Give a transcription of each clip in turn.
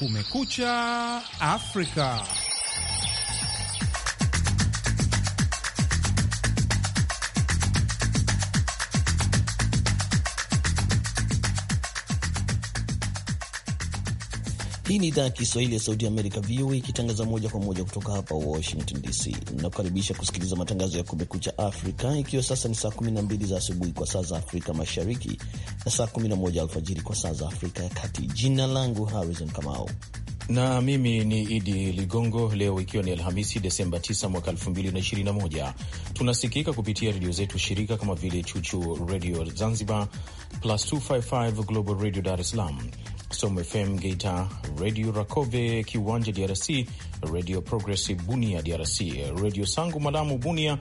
Kumekucha Afrika. Hii ni idhaa ya Kiswahili ya Sauti ya Amerika, VOA, ikitangaza moja kwa moja kutoka hapa Washington DC. Nakukaribisha kusikiliza matangazo ya Kumekucha Afrika, ikiwa sasa ni saa 12 za asubuhi kwa saa za Afrika Mashariki, na saa 11 alfajiri kwa saa za Afrika ya Kati. Jina langu Harrison Kamau na mimi ni Idi Ligongo. Leo ikiwa ni Alhamisi, Desemba 9 mwaka 2021, tunasikika kupitia redio zetu shirika kama vile Chuchu Redio Zanzibar, Plus 255 Global Radio Dar es Salaam, Som FM Geita, Radio Rakove Kiwanja DRC, Radio Progressive Bunia DRC, Radio Sangu Malamu Bunia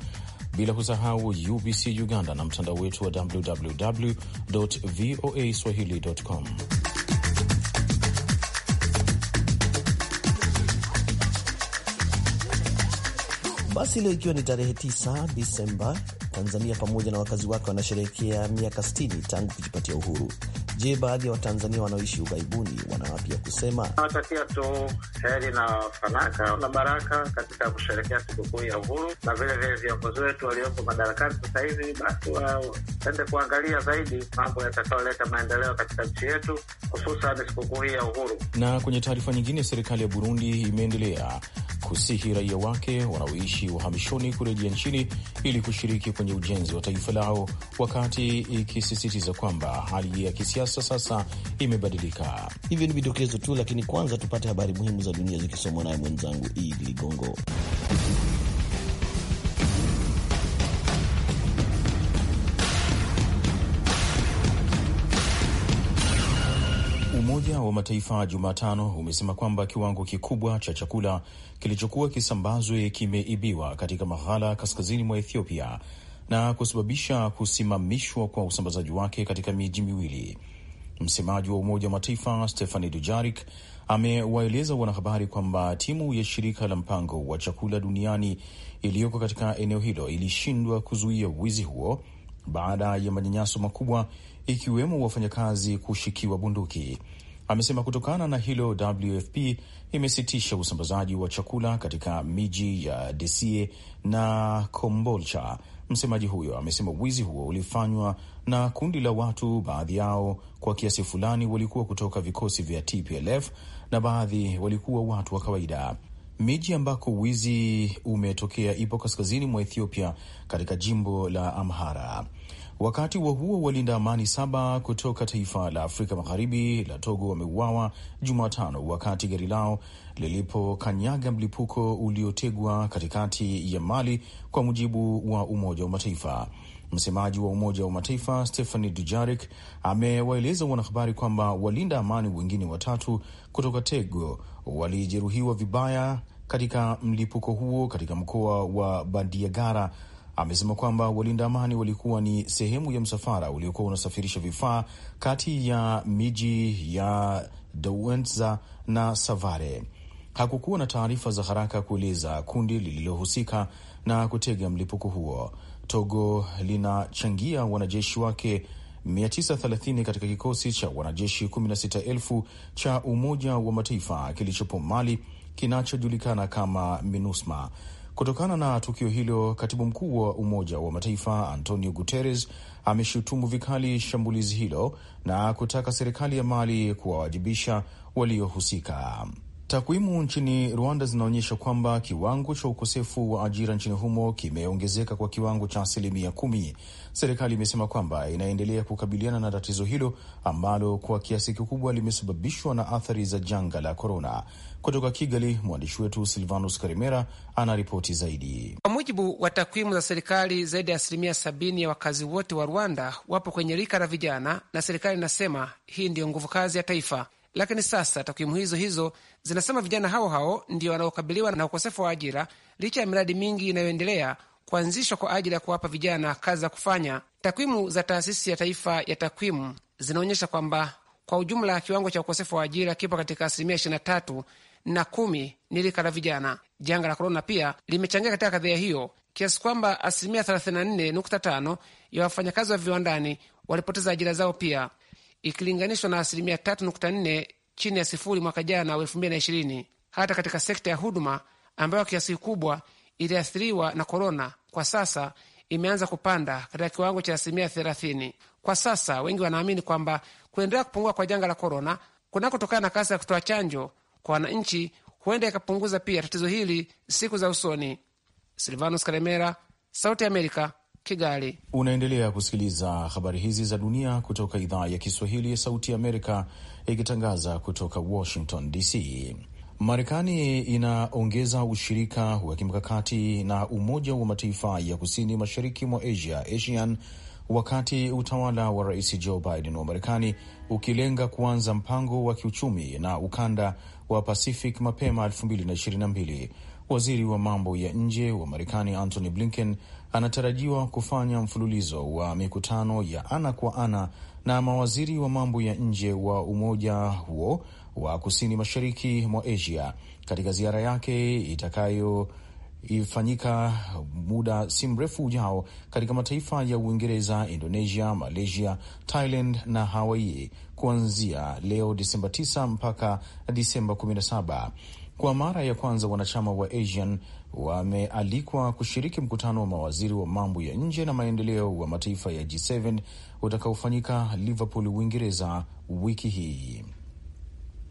bila kusahau UBC Uganda na mtandao wetu wa www voa swahili.com. Basi leo ikiwa ni tarehe 9 Disemba, Tanzania pamoja na wakazi wake wanasherehekea miaka 60 tangu kujipatia uhuru. Je, baadhi ya Watanzania wanaoishi ughaibuni wanawapia kusema nawatakia tu heri na fanaka na baraka katika kusherekea sikukuu ya uhuru, na vilevile viongozi wetu walioko madarakani sasa hivi basi waende kuangalia zaidi mambo yatakayoleta maendeleo katika nchi yetu, hususan sikukuu hii ya uhuru. Na kwenye taarifa nyingine, serikali ya Burundi imeendelea kusihi raia wake wanaoishi uhamishoni kurejea nchini ili kushiriki kwenye ujenzi wa taifa lao, wakati ikisisitiza kwamba hali ya kisiasa sasa imebadilika. Hivyo ni vidokezo tu, lakini kwanza tupate habari muhimu za dunia zikisomwa naye mwenzangu Idi Ligongo. Umoja wa Mataifa Jumatano umesema kwamba kiwango kikubwa cha chakula kilichokuwa kisambazwe kimeibiwa katika maghala kaskazini mwa Ethiopia na kusababisha kusimamishwa kwa usambazaji wake katika miji miwili. Msemaji wa Umoja wa Mataifa stehani dujarik amewaeleza wanahabari kwamba timu ya shirika la mpango wa chakula duniani iliyoko katika eneo hilo ilishindwa kuzuia wizi huo baada ya manyanyaso makubwa ikiwemo wafanyakazi kushikiwa bunduki amesema kutokana na hilo WFP imesitisha usambazaji wa chakula katika miji ya Desie na Kombolcha. Msemaji huyo amesema wizi huo ulifanywa na kundi la watu, baadhi yao kwa kiasi fulani walikuwa kutoka vikosi vya TPLF na baadhi walikuwa watu wa kawaida. Miji ambako wizi umetokea ipo kaskazini mwa Ethiopia katika jimbo la Amhara. Wakati wa huo, walinda amani saba kutoka taifa la Afrika Magharibi la Togo wameuawa Jumatano wakati gari lao lilipokanyaga mlipuko uliotegwa katikati ya Mali, kwa mujibu wa Umoja wa Mataifa. Msemaji wa Umoja wa Mataifa stephani dujarik amewaeleza wanahabari kwamba walinda amani wengine watatu kutoka Tego walijeruhiwa vibaya katika mlipuko huo katika mkoa wa Bandiagara amesema kwamba walinda amani walikuwa ni sehemu ya msafara uliokuwa unasafirisha vifaa kati ya miji ya Douentza na Savare. Hakukuwa na taarifa za haraka kueleza kundi lililohusika na kutega mlipuko huo. Togo linachangia wanajeshi wake 930 katika kikosi cha wanajeshi 16,000 cha Umoja wa Mataifa kilichopo Mali kinachojulikana kama MINUSMA. Kutokana na tukio hilo, katibu mkuu wa Umoja wa Mataifa Antonio Guterres ameshutumu vikali shambulizi hilo na kutaka serikali ya Mali kuwawajibisha waliohusika. Takwimu nchini Rwanda zinaonyesha kwamba kiwango cha ukosefu wa ajira nchini humo kimeongezeka kwa kiwango cha asilimia kumi. Serikali imesema kwamba inaendelea kukabiliana na tatizo hilo ambalo kwa kiasi kikubwa limesababishwa na athari za janga la korona. Kutoka Kigali, mwandishi wetu Silvanus Karimera anaripoti zaidi. Kwa mujibu wa takwimu za serikali, zaidi ya asilimia sabini ya wakazi wote wa Rwanda wapo kwenye rika la vijana, na serikali inasema hii ndiyo nguvu kazi ya taifa. Lakini sasa takwimu hizo hizo zinasema vijana hao hao ndio wanaokabiliwa na ukosefu wa ajira licha ya miradi mingi inayoendelea kuanzishwa kwa ajili ya kuwapa vijana kazi za kufanya. Takwimu za Taasisi ya Taifa ya Takwimu zinaonyesha kwamba kwa ujumla kiwango cha ukosefu wa ajira kipo katika asilimia 23 na kumi ni rika la vijana. Janga la korona pia limechangia katika kadhia hiyo kiasi kwamba asilimia 34.5 ya wafanyakazi wa viwandani walipoteza ajira zao pia ikilinganishwa na asilimia 3.4 chini ya sifuri mwaka jana wa 2020. Hata katika sekta ya huduma ambayo kiasi kikubwa iliathiriwa na korona, kwa sasa imeanza kupanda katika kiwango cha asilimia 30. Kwa sasa wengi wanaamini kwamba kuendelea kupungua kwa janga la korona kunakotokana na kasi ya kutoa chanjo kwa wananchi huenda ikapunguza pia tatizo hili siku za usoni. Silvanus Karemera, Sauti ya Amerika, Kigali. Unaendelea kusikiliza habari hizi za dunia kutoka idhaa ya Kiswahili ya Sauti ya Amerika ikitangaza kutoka Washington DC. Marekani inaongeza ushirika wa kimkakati na Umoja wa Mataifa ya kusini mashariki mwa Asia, ASEAN, wakati utawala wa Rais Joe Biden wa Marekani ukilenga kuanza mpango wa kiuchumi na ukanda wa Pacific mapema 2022. Waziri wa mambo ya nje wa Marekani Antony Blinken anatarajiwa kufanya mfululizo wa mikutano ya ana kwa ana na mawaziri wa mambo ya nje wa umoja huo wa kusini mashariki mwa Asia katika ziara yake itakayoifanyika muda si mrefu ujao katika mataifa ya Uingereza, Indonesia, Malaysia, Thailand na Hawaii kuanzia leo Disemba 9 mpaka Disemba 17. Kwa mara ya kwanza wanachama wa ASEAN wamealikwa kushiriki mkutano wa mawaziri wa mambo ya nje na maendeleo wa mataifa ya G7 utakaofanyika Liverpool, Uingereza wiki hii.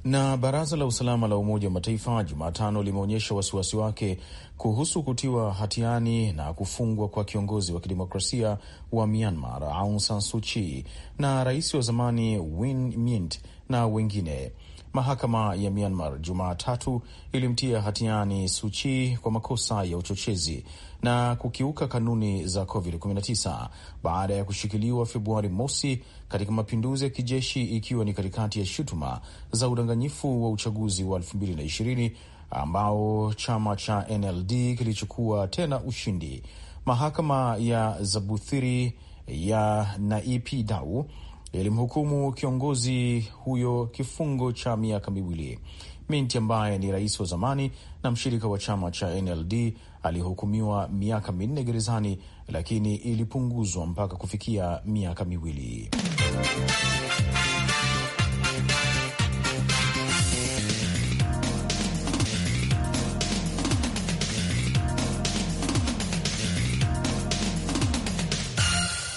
Na baraza la usalama la Umoja wa Mataifa Jumatano limeonyesha wasiwasi wake kuhusu kutiwa hatiani na kufungwa kwa kiongozi wa kidemokrasia wa Myanmar Aung San Suu Kyi na rais wa zamani Win Myint na wengine. Mahakama ya Myanmar Jumatatu ilimtia hatiani Suchi kwa makosa ya uchochezi na kukiuka kanuni za COVID-19 baada ya kushikiliwa Februari mosi katika mapinduzi ya kijeshi, ikiwa ni katikati ya shutuma za udanganyifu wa uchaguzi wa 2020 ambao chama cha NLD kilichukua tena ushindi. Mahakama ya Zabuthiri ya Naipi Dau yalimhukumu kiongozi huyo kifungo cha miaka miwili. Minti ambaye ni rais wa zamani na mshirika wa chama cha NLD alihukumiwa miaka minne gerezani, lakini ilipunguzwa mpaka kufikia miaka miwili.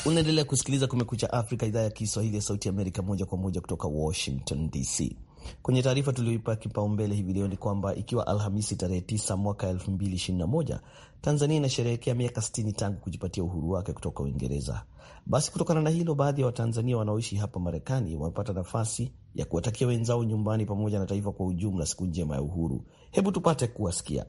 Unaendelea kusikiliza Kumekucha Afrika, idhaa ya Kiswahili ya Sauti Amerika, moja kwa moja kutoka Washington DC. Kwenye taarifa tuliyoipa kipaumbele hivi leo ni kwamba ikiwa Alhamisi tarehe 9 mwaka 2021 Tanzania inasherehekea miaka 60 tangu kujipatia uhuru wake kutoka Uingereza, basi kutokana na hilo, baadhi ya Watanzania wanaoishi hapa Marekani wamepata nafasi ya kuwatakia wenzao nyumbani pamoja na taifa kwa ujumla siku njema ya uhuru. Hebu tupate kuwasikia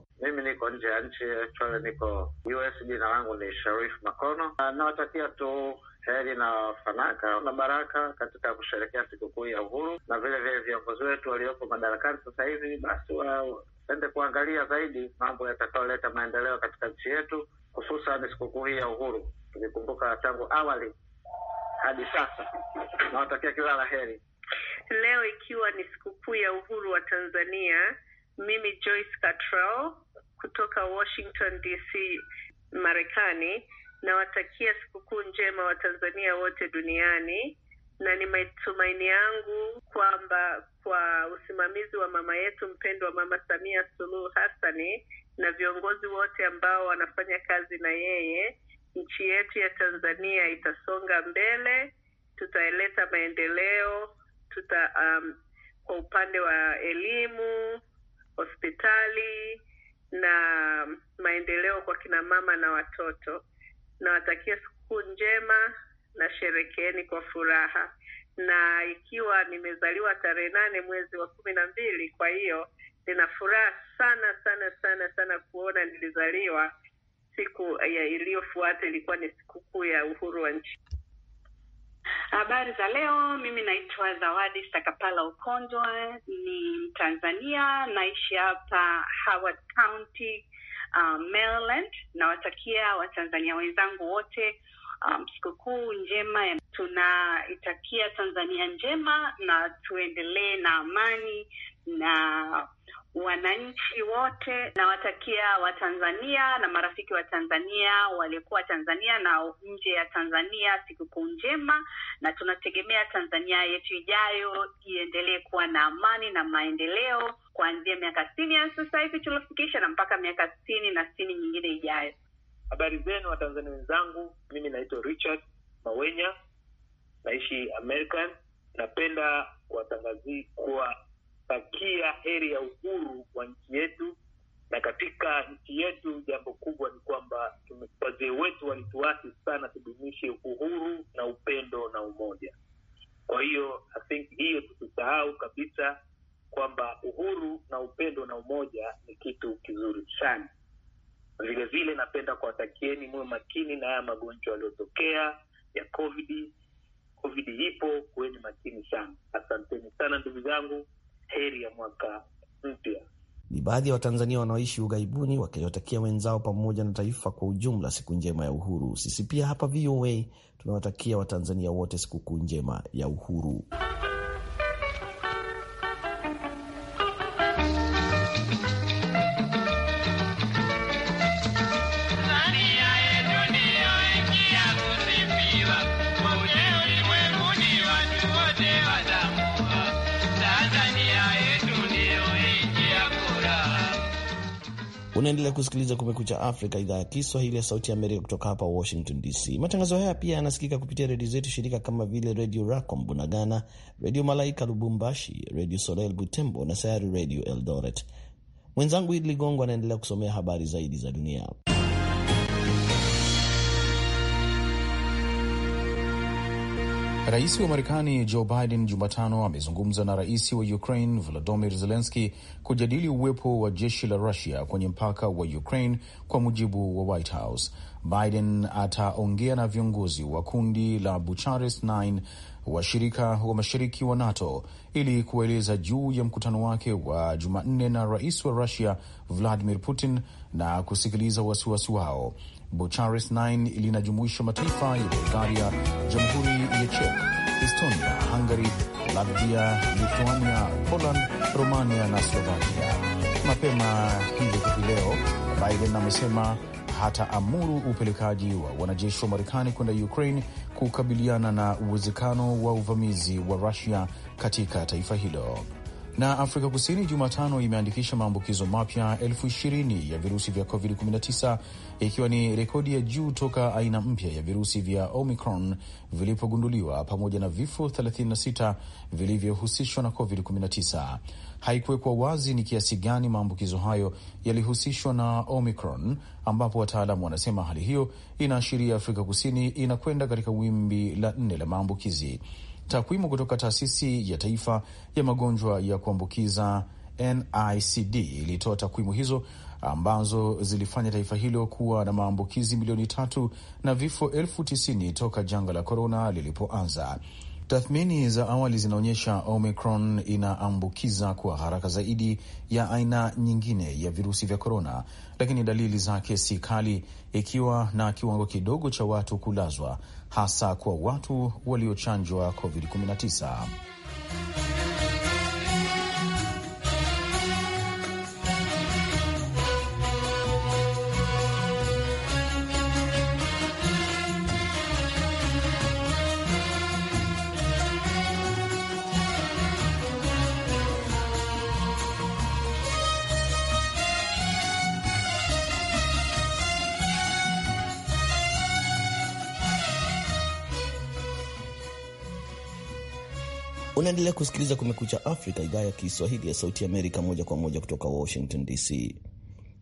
niko nje ya nchi actually, niko US. Jina langu ni Sharif Makono. Nawatakia tu heri na fanaka na baraka katika kusherekea sikukuu ya uhuru, na vile vile viongozi wetu waliopo madarakani sasa hivi basi waende kuangalia zaidi mambo yatakayoleta maendeleo katika nchi yetu, hususan sikukuu hii ya uhuru tukikumbuka tangu awali hadi sasa. Nawatakia kila la heri. Leo ikiwa ni sikukuu ya uhuru wa Tanzania, mimi Joyce Catrell kutoka Washington DC, Marekani. Nawatakia sikukuu njema Watanzania wote duniani, na ni matumaini yangu kwamba kwa usimamizi wa mama yetu mpendwa, Mama Samia Suluhu Hassani, na viongozi wote ambao wanafanya kazi na yeye, nchi yetu ya Tanzania itasonga mbele, tutaeleta maendeleo tuta um, kwa upande wa elimu, hospitali na maendeleo kwa kina mama na watoto. Nawatakia sikukuu njema na sherekeeni kwa furaha, na ikiwa nimezaliwa tarehe nane mwezi wa kumi na mbili, kwa hiyo nina furaha sana sana sana sana kuona nilizaliwa siku iliyofuata ilikuwa ni sikukuu ya uhuru wa nchi. Habari za leo, mimi naitwa Zawadi Stakapala Ukonjwa, ni Mtanzania, naishi hapa Howard County, um, Maryland. Nawatakia Watanzania wenzangu wote um, sikukuu njema. Tunaitakia Tanzania njema na tuendelee na amani na wananchi wote. Nawatakia Watanzania na marafiki wa Tanzania waliokuwa Tanzania na nje ya Tanzania sikukuu njema, na tunategemea Tanzania yetu ijayo iendelee kuwa na amani na maendeleo kuanzia miaka sitini ya sasa hivi tuliofikisha na mpaka miaka sitini na sitini nyingine ijayo. Habari zenu Watanzania wenzangu, mimi naitwa Richard Mawenya, naishi American. Napenda kuwatangazia kuwa kutakia heri ya uhuru wa nchi yetu, na katika nchi yetu jambo kubwa ni kwamba wazee wetu walituasi sana tudumishe uhuru na upendo na umoja. Kwa hiyo I think hiyo tusisahau kabisa kwamba uhuru na upendo na umoja ni kitu kizuri sana. Vile vile napenda kuwatakieni muwe makini na haya magonjwa yaliyotokea ya COVID. COVID ipo, kuweni makini sana. Asanteni sana ndugu zangu heri ya mwaka mpya. Ni baadhi ya Watanzania wanaoishi ughaibuni wakiwatakia wenzao pamoja na taifa kwa ujumla siku njema ya uhuru. Sisi pia hapa VOA tunawatakia Watanzania wote sikukuu njema ya uhuru. Unaendelea kusikiliza Kumekucha Afrika, idhaa ya Kiswahili ya Sauti ya Amerika kutoka hapa Washington DC. Matangazo haya pia yanasikika kupitia redio zetu shirika kama vile Redio Racom Bunagana, Redio Malaika Lubumbashi, Redio solel Butembo na Sayari Redio Eldoret. Mwenzangu Idi Ligongo anaendelea kusomea habari zaidi za dunia. Rais wa Marekani Joe Biden Jumatano amezungumza na rais wa Ukraine Volodymyr Zelenski kujadili uwepo wa jeshi la Rusia kwenye mpaka wa Ukraine, kwa mujibu wa White House. Biden ataongea na viongozi wa kundi la Bucharest 9 washirika wa mashariki wa NATO ili kuwaeleza juu ya mkutano wake wa Jumanne na rais wa Rusia Vladimir Putin na kusikiliza wasiwasi wao. Bucharest 9 linajumuisha mataifa ya Bulgaria, Jamhuri ya Czech, Estonia, Hungary, Latvia, Lithuania, Poland, Romania na Slovakia. Mapema hivi hivi leo Biden amesema hata amuru upelekaji wa wanajeshi wa Marekani kwenda Ukraine kukabiliana na uwezekano wa uvamizi wa Rusia katika taifa hilo. Na Afrika Kusini Jumatano imeandikisha maambukizo mapya elfu ishirini ya virusi vya COVID-19 ikiwa ni rekodi ya juu toka aina mpya ya virusi vya Omicron vilipogunduliwa pamoja na vifo 36 vilivyohusishwa na COVID-19. Haikuwekwa wazi ni kiasi gani maambukizo hayo yalihusishwa na Omicron, ambapo wataalamu wanasema hali hiyo inaashiria Afrika Kusini inakwenda katika wimbi la nne la maambukizi. Takwimu kutoka taasisi ya taifa ya magonjwa ya kuambukiza NICD ilitoa takwimu hizo ambazo zilifanya taifa hilo kuwa na maambukizi milioni tatu na vifo elfu tisini toka janga la korona lilipoanza. Tathmini za awali zinaonyesha Omicron inaambukiza kwa haraka zaidi ya aina nyingine ya virusi vya korona, lakini dalili zake si kali, ikiwa na kiwango kidogo cha watu kulazwa, hasa kwa watu waliochanjwa COVID-19. Unaendelea kusikiliza Kumekucha Afrika, idhaa ya Kiswahili ya Sauti Amerika, moja kwa moja kutoka Washington DC.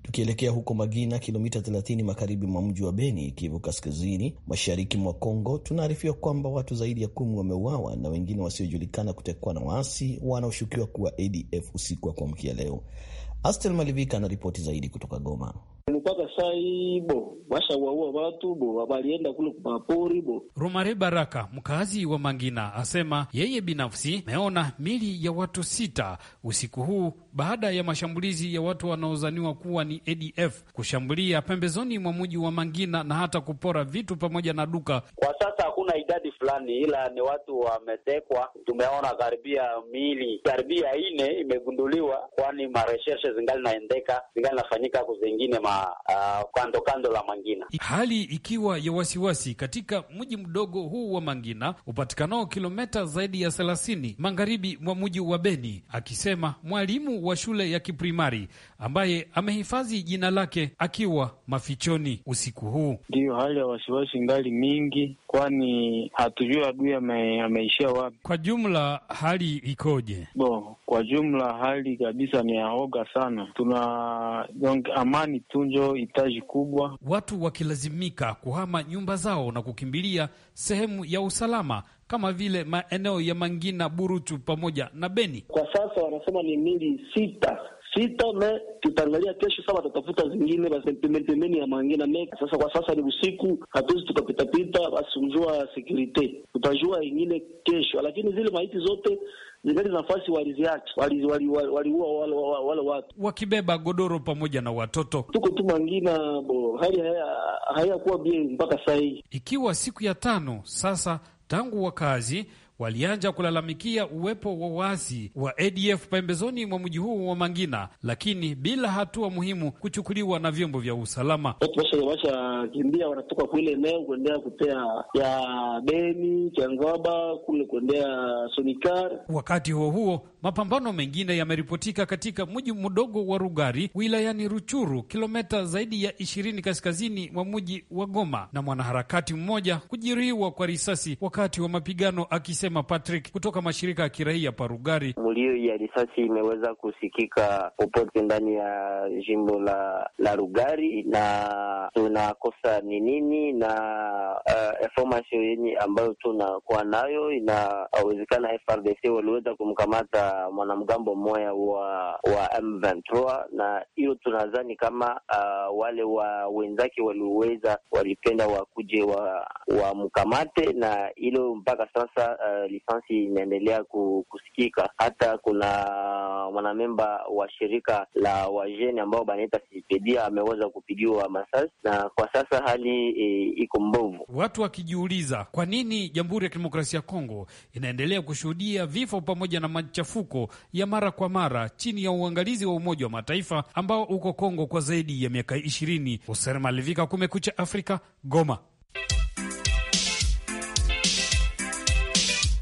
Tukielekea huko Magina, kilomita 30 magharibi mwa mji wa Beni, Kivu Kaskazini, mashariki mwa congo tunaarifiwa kwamba watu zaidi ya kumi wameuawa na wengine wasiojulikana kutekwa na waasi wanaoshukiwa kuwa ADF usiku wa kuamkia leo. Astel Malivika anaripoti zaidi kutoka Goma mpaka saa hii bo washawaua watu bo walienda kule kumapori bo. Rumare Baraka, mkazi wa Mangina, asema yeye binafsi meona mili ya watu sita usiku huu baada ya mashambulizi ya watu wanaozaniwa kuwa ni ADF kushambulia pembezoni mwa mji wa Mangina na hata kupora vitu pamoja na duka. Kwa sasa hakuna idadi fulani, ila ni watu wametekwa. Tumeona karibia miili karibia ine imegunduliwa, kwani mareshershe zingali naendeka, zingali nafanyika ku zingine ma uh, kando kando la Mangina, hali ikiwa ya wasiwasi katika mji mdogo huu wa Mangina upatikanao kilometa zaidi ya thelathini magharibi mwa mji wa Beni, akisema mwalimu wa shule ya kiprimari ambaye amehifadhi jina lake akiwa mafichoni usiku huu. Ndiyo hali ya wasiwasi ngali mingi, kwani hatujui adui ameishia wapi. Kwa jumla hali ikoje? Bo, kwa jumla hali kabisa ni yaoga sana, tuna amani tunjo hitaji kubwa, watu wakilazimika kuhama nyumba zao na kukimbilia sehemu ya usalama kama vile maeneo ya Mangina, Burutu pamoja na Beni. Kwa sasa wanasema ni mili sita sita me tutaangalia kesho saba, watatafuta zingine basi pembeni ya Mangina me. Sasa kwa sasa ni usiku, hatuwezi tukapitapita, basi mjua sekurite tutajua ingine kesho, lakini zile maiti zote zingali nafasi waliziacha, waliua wali, wale wali, wali, wali, wale watu wakibeba godoro pamoja na watoto. Tuko tu Mangina bo, hali hayakuwa haya bien mpaka sahihi ikiwa siku ya tano sasa tangu wakazi walianja kulalamikia uwepo wa waasi wa ADF pembezoni mwa mji huu wa Mangina, lakini bila hatua muhimu kuchukuliwa na vyombo vya usalama. Watu washakimbia wanatoka kule eneo kuendea kupea ya Beni Changoba kule kuendea Sonikar. Wakati huo huo, mapambano mengine yameripotika katika mji mdogo wa Rugari wilayani Ruchuru, kilomita zaidi ya ishirini kaskazini mwa mji wa Goma, na mwanaharakati mmoja kujiriwa kwa risasi wakati wa mapigano akisema anasema Patrick kutoka mashirika ya kiraia Parugari. Mlio ya risasi imeweza kusikika popote ndani ya jimbo la, la Rugari na tunakosa ni nini na uh, information yenye ambayo tunakuwa nayo inawezekana FRDC waliweza kumkamata mwanamgambo mmoja wa, wa M23 na hiyo tunadhani kama uh, wale wa wenzake waliweza walipenda wakuje wa wamkamate na hilo mpaka sasa uh, lisansi inaendelea kusikika. Hata kuna mwanamemba wa shirika la wajeni ambao banaita Sipedia ameweza kupigiwa masasi, na kwa sasa hali e, iko mbovu, watu wakijiuliza kwa nini Jamhuri ya Kidemokrasia ya Kongo inaendelea kushuhudia vifo pamoja na machafuko ya mara kwa mara chini ya uangalizi wa Umoja wa Mataifa ambao uko Kongo kwa zaidi ya miaka ishirini. Hoser Malivika, Kumekucha Afrika, Goma.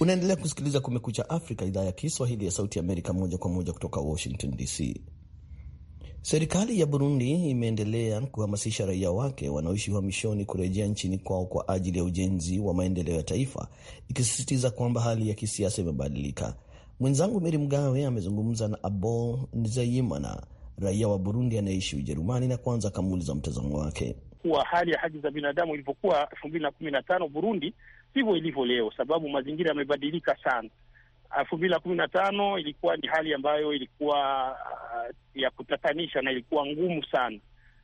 Unaendelea kusikiliza Kumekucha Afrika, idhaa ya Kiswahili ya Sauti Amerika, moja kwa moja kutoka Washington DC. Serikali ya Burundi imeendelea kuhamasisha raia wake wanaoishi uhamishoni kurejea nchini kwao kwa ajili ya ujenzi wa maendeleo ya taifa, ikisisitiza kwamba hali ya kisiasa imebadilika. Mwenzangu Meri Mgawe amezungumza na abo Nzeyimana, raia wa Burundi anayeishi Ujerumani, na kwanza akamuuliza mtazamo wake kuwa hali ya haki za binadamu ilivyokuwa elfu mbili na kumi na tano Burundi sivyo ilivyo leo, sababu mazingira yamebadilika sana. elfu mbili na kumi na tano ilikuwa ni hali ambayo ilikuwa uh, ya kutatanisha na ilikuwa ngumu sana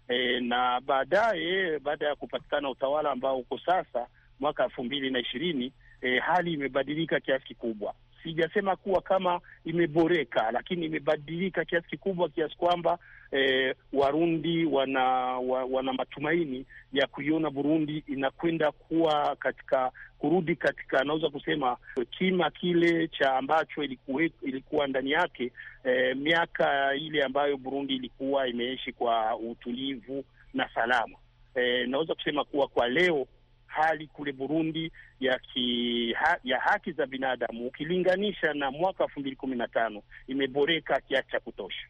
e, na baadaye baada ya kupatikana utawala ambao uko sasa mwaka elfu mbili na ishirini e, hali imebadilika kiasi kikubwa sijasema kuwa kama imeboreka, lakini imebadilika kiasi kikubwa, kiasi kwamba eh, Warundi wana, wa, wana matumaini ya kuiona Burundi inakwenda kuwa katika kurudi katika, naweza kusema kima kile cha ambacho ilikuwa, ilikuwa ndani yake eh, miaka ile ambayo Burundi ilikuwa imeishi kwa utulivu na salama. Eh, naweza kusema kuwa kwa leo hali kule Burundi ya ki, ha, ya haki za binadamu ukilinganisha na mwaka elfu mbili kumi na tano imeboreka kiasi cha kutosha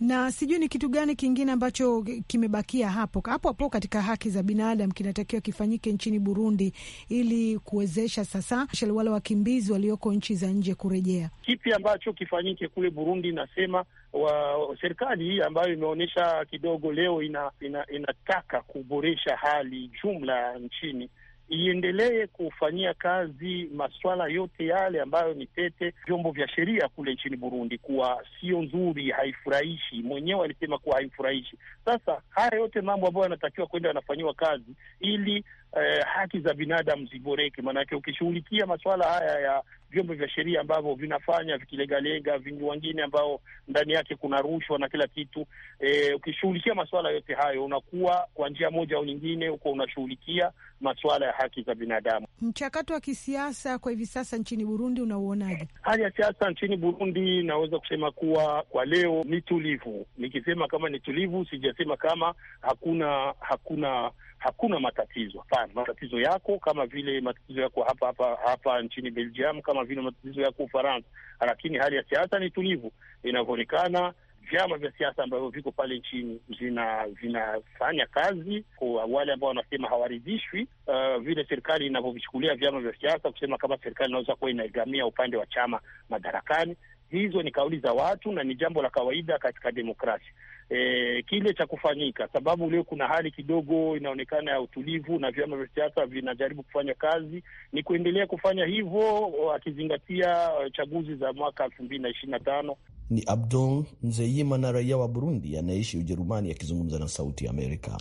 na sijui ni kitu gani kingine ambacho kimebakia hapo hapo hapo katika haki za binadamu kinatakiwa kifanyike nchini Burundi ili kuwezesha sasa wale wakimbizi walioko nchi za nje kurejea. Kipi ambacho kifanyike kule Burundi? Nasema wa serikali hii ambayo imeonyesha kidogo leo ina, ina, inataka kuboresha hali jumla nchini iendelee kufanyia kazi masuala yote yale ambayo ni tete vyombo vya sheria kule nchini Burundi kuwa sio nzuri, haifurahishi. Mwenyewe alisema kuwa haifurahishi. Sasa haya yote mambo ambayo yanatakiwa kwenda yanafanyiwa kazi ili eh, haki za binadamu ziboreke. Maanake ukishughulikia masuala haya ya vyombo vya sheria ambavyo vinafanya vikilegalega, vingi wengine ambao ndani yake kuna rushwa na kila kitu eh, ukishughulikia masuala yote hayo, unakuwa kwa njia moja au nyingine uko unashughulikia masuala ya haki za binadamu. Mchakato wa kisiasa kwa hivi sasa nchini Burundi unauonaje? Hali ya siasa nchini Burundi, naweza kusema kuwa kwa leo ni tulivu. Nikisema kama ni tulivu, sijasema kama hakuna hakuna hakuna matatizo. Sudan, matatizo yako kama vile matatizo yako hapa hapa hapa nchini Belgium, kama vile matatizo yako Ufaransa, lakini hali ya siasa ni tulivu inavyoonekana vyama vya siasa ambavyo viko pale nchini vina vinafanya kazi kwa wale ambao wanasema hawaridhishwi uh, vile serikali inavyovichukulia vyama vya siasa, kusema kama serikali inaweza kuwa inaigamia upande wa chama madarakani. Hizo ni kauli za watu na ni jambo la kawaida katika demokrasia, e, kile cha kufanyika, sababu leo kuna hali kidogo inaonekana ya utulivu na vyama vya siasa vinajaribu kufanya kazi, ni kuendelea kufanya hivyo akizingatia eh, chaguzi za mwaka elfu mbili na ishirini na tano. Ni Abdon na raia wa Burundi anayeishi Ujerumani, akizungumza na Sauti ya Amerika.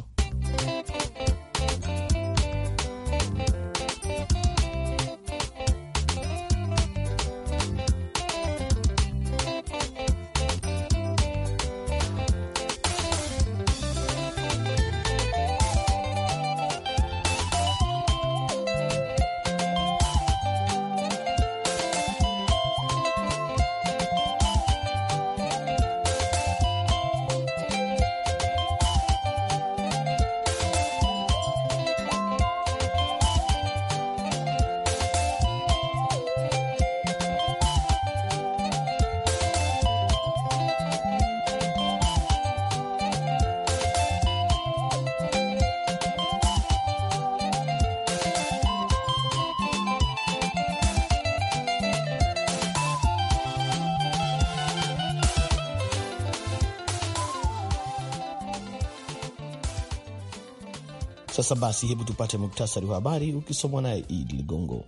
Sasa basi, hebu tupate muktasari wa habari ukisomwa naye Idi Ligongo.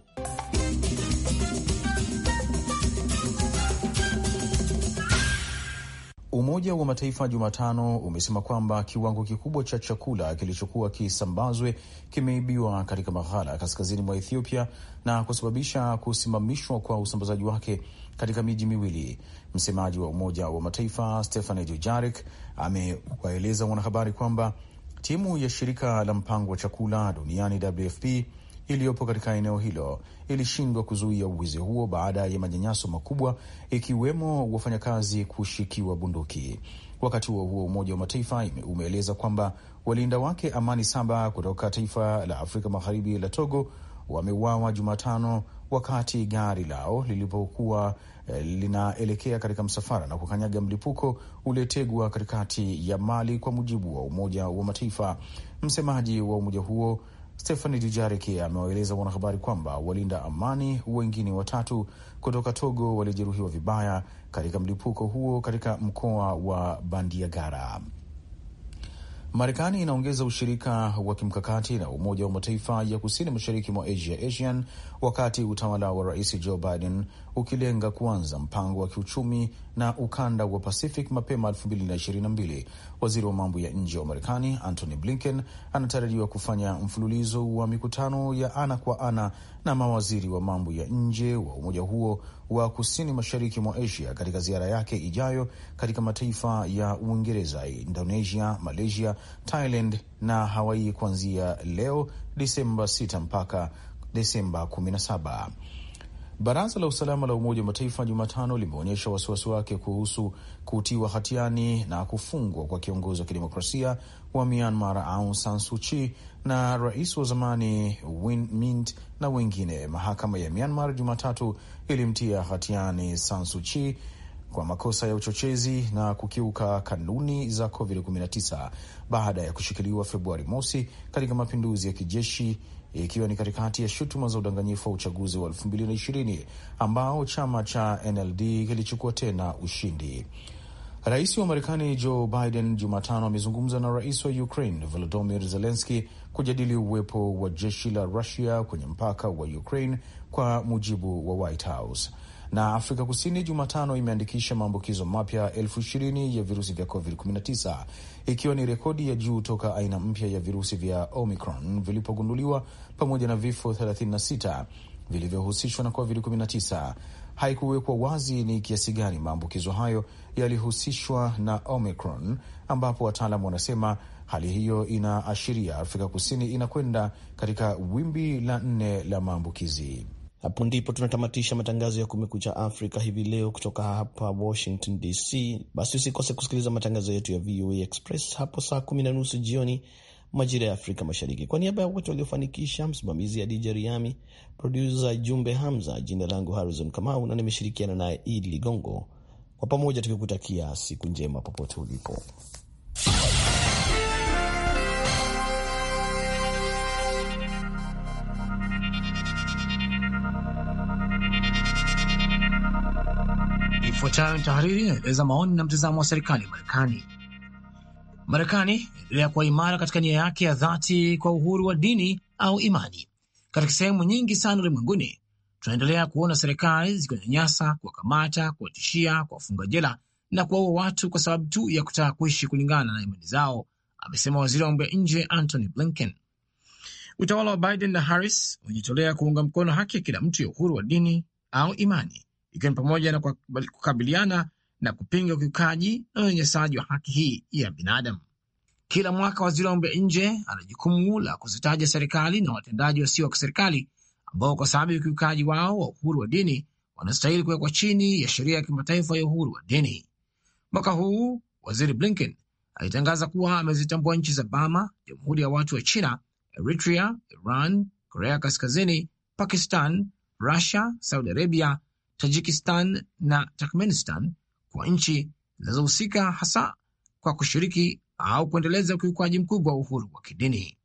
Umoja wa Mataifa Jumatano umesema kwamba kiwango kikubwa cha chakula kilichokuwa kisambazwe kimeibiwa katika maghala kaskazini mwa Ethiopia na kusababisha kusimamishwa kwa usambazaji wake katika miji miwili. Msemaji wa Umoja wa Mataifa Stephane Dujarric amewaeleza wanahabari kwamba Timu ya shirika la mpango wa chakula duniani WFP iliyopo katika eneo hilo ilishindwa kuzuia uwizi huo baada ya manyanyaso makubwa ikiwemo wafanyakazi kushikiwa bunduki. Wakati huo huo, Umoja wa Mataifa umeeleza kwamba walinda wake amani saba kutoka taifa la Afrika Magharibi la Togo wameuawa Jumatano wakati gari lao lilipokuwa Eh, linaelekea katika msafara na kukanyaga mlipuko uliotegwa katikati ya Mali, kwa mujibu wa Umoja wa Mataifa. Msemaji wa umoja huo stehani Dujarik amewaeleza wanahabari kwamba walinda amani wengine watatu kutoka Togo walijeruhiwa vibaya katika mlipuko huo katika mkoa wa Bandiagara. Marekani inaongeza ushirika wa kimkakati na Umoja wa Mataifa ya kusini mashariki mwa Asia, ASEAN, wakati utawala wa Rais Joe Biden ukilenga kuanza mpango wa kiuchumi na ukanda wa Pacific mapema 2022. Waziri wa mambo ya nje wa Marekani Antony Blinken anatarajiwa kufanya mfululizo wa mikutano ya ana kwa ana na mawaziri wa mambo ya nje wa umoja huo wa kusini mashariki mwa Asia katika ziara yake ijayo katika mataifa ya Uingereza, Indonesia, Malaysia, Thailand na Hawaii kuanzia leo disemba 6 mpaka Desemba 17. Baraza la usalama la Umoja wa Mataifa Jumatano limeonyesha wasiwasi wake kuhusu kutiwa hatiani na kufungwa kwa kiongozi wa kidemokrasia wa Myanmar Aung San Suu Kyi na rais wa zamani Win na wengine. Mahakama ya Myanmar Jumatatu ilimtia hatiani San Suu Kyi kwa makosa ya uchochezi na kukiuka kanuni za COVID-19 baada ya kushikiliwa Februari mosi katika mapinduzi ya kijeshi ikiwa ni katikati ya shutuma za udanganyifu wa uchaguzi wa 2020 ambao chama cha NLD kilichukua tena ushindi. Rais wa Marekani Joe Biden Jumatano amezungumza na rais wa Ukraine Volodymyr Zelenski kujadili uwepo wa jeshi la Rusia kwenye mpaka wa Ukraine, kwa mujibu wa White House. Na Afrika Kusini Jumatano imeandikisha maambukizo mapya elfu ishirini ya virusi vya COVID-19 ikiwa ni rekodi ya juu toka aina mpya ya virusi vya Omicron vilipogunduliwa pamoja na vifo 36 vilivyohusishwa na COVID-19. Haikuwekwa wazi ni kiasi gani maambukizo hayo yalihusishwa na Omicron, ambapo wataalamu wanasema hali hiyo inaashiria Afrika Kusini inakwenda katika wimbi la nne la maambukizi. Hapo ndipo tunatamatisha matangazo ya Kumekucha Afrika hivi leo kutoka hapa Washington DC. Basi usikose kusikiliza matangazo yetu ya VOA Express hapo saa kumi na nusu jioni majira ya Afrika Mashariki. Kwa niaba ya wote waliofanikisha, msimamizi Adija Riami, produsa Jumbe Hamza, jina langu Harrison Kamau na nimeshirikiana naye Idi Ligongo, kwa pamoja tukikutakia siku njema popote ulipo. Ifuatayo ni tahariri inaeleza maoni na mtazamo wa serikali ya Marekani. Marekani inaendelea kuwa imara katika nia yake ya dhati kwa uhuru wa dini au imani. Katika sehemu nyingi sana ulimwenguni, tunaendelea kuona serikali zikiwanyanyasa, kuwakamata, kuwatishia, kuwafunga jela na kuwaua watu kwa sababu tu ya kutaka kuishi kulingana na imani zao, amesema waziri wa mambo ya nje Antony Blinken. Utawala wa Biden na Harris unajitolea kuunga mkono haki ya kila mtu ya uhuru wa dini au imani ikiwa ni pamoja na kukabiliana na kupinga ukiukaji na unyanyasaji wa haki hii ya binadamu. Kila mwaka waziri wa mambo ya nje ana jukumu la kuzitaja serikali na watendaji wasio wa kiserikali ambao kwa sababu ya ukiukaji wao wa uhuru wa dini wanastahili kuwekwa chini ya sheria ya kimataifa ya uhuru wa dini. Mwaka huu waziri Blinken alitangaza kuwa amezitambua nchi za Bama, jamhuri ya watu wa China, Eritrea, Iran, Korea Kaskazini, Pakistan, Rusia, Saudi Arabia, Tajikistan na Turkmenistan kwa nchi zinazohusika hasa kwa kushiriki au kuendeleza ukiukwaji mkubwa wa uhuru wa kidini.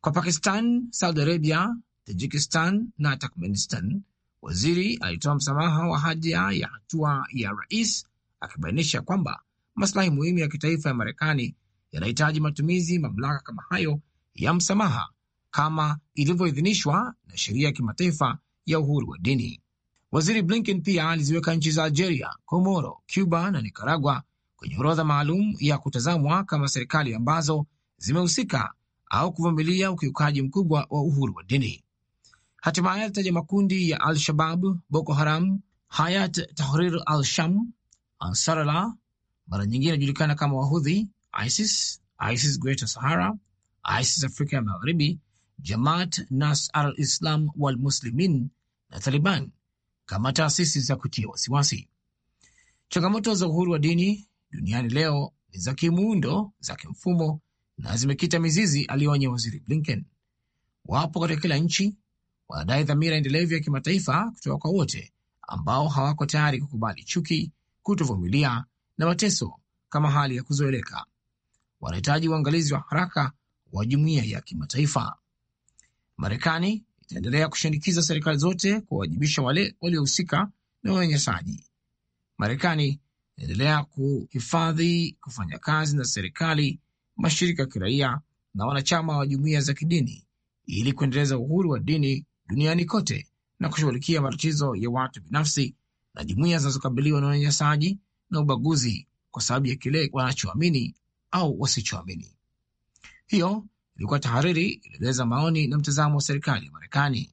Kwa Pakistan, Saudi Arabia, Tajikistan na Turkmenistan, waziri alitoa msamaha wa haja ya hatua ya rais, akibainisha kwamba maslahi muhimu ya kitaifa ya Marekani yanahitaji matumizi mamlaka kama hayo ya msamaha kama ilivyoidhinishwa na sheria ya kimataifa ya uhuru wa dini. Waziri Blinken pia aliziweka nchi za Algeria, Komoro, Cuba na Nicaragua kwenye orodha maalum ya kutazamwa kama serikali ambazo zimehusika au kuvumilia ukiukaji mkubwa wa uhuru wa dini. Hatimaye alitaja makundi ya Al-Shabab, Boko Haram, Hayat Tahrir al-Sham, Ansarallah, mara nyingine inajulikana kama Wahudhi, ISIS, ISIS Greater Sahara, ISIS Afrika ya Magharibi, Jamaat Nas al-Islam wal Muslimin na Taliban kama taasisi za kutia wasiwasi. Changamoto za uhuru wa dini duniani leo ni za kimuundo, za kimfumo na zimekita mizizi, alionya Waziri Blinken. Wapo katika kila nchi, wanadai dhamira endelevu ya kimataifa kutoka kwa wote ambao hawako tayari kukubali chuki, kutovumilia na mateso kama hali ya kuzoeleka. Wanahitaji uangalizi wa haraka wa jumuiya ya kimataifa. Marekani itaendelea kushinikiza serikali zote kuwawajibisha wale waliohusika na unyanyasaji. Marekani inaendelea kuhifadhi kufanya kazi na serikali, mashirika ya kiraia na wanachama wa jumuiya za kidini ili kuendeleza uhuru wa dini duniani kote na kushughulikia matatizo ya watu binafsi na jumuiya zinazokabiliwa na unyanyasaji na ubaguzi kwa sababu ya kile wanachoamini au wasichoamini. Hiyo Ilikuwa tahariri, ilieleza maoni na mtazamo wa serikali ya Marekani.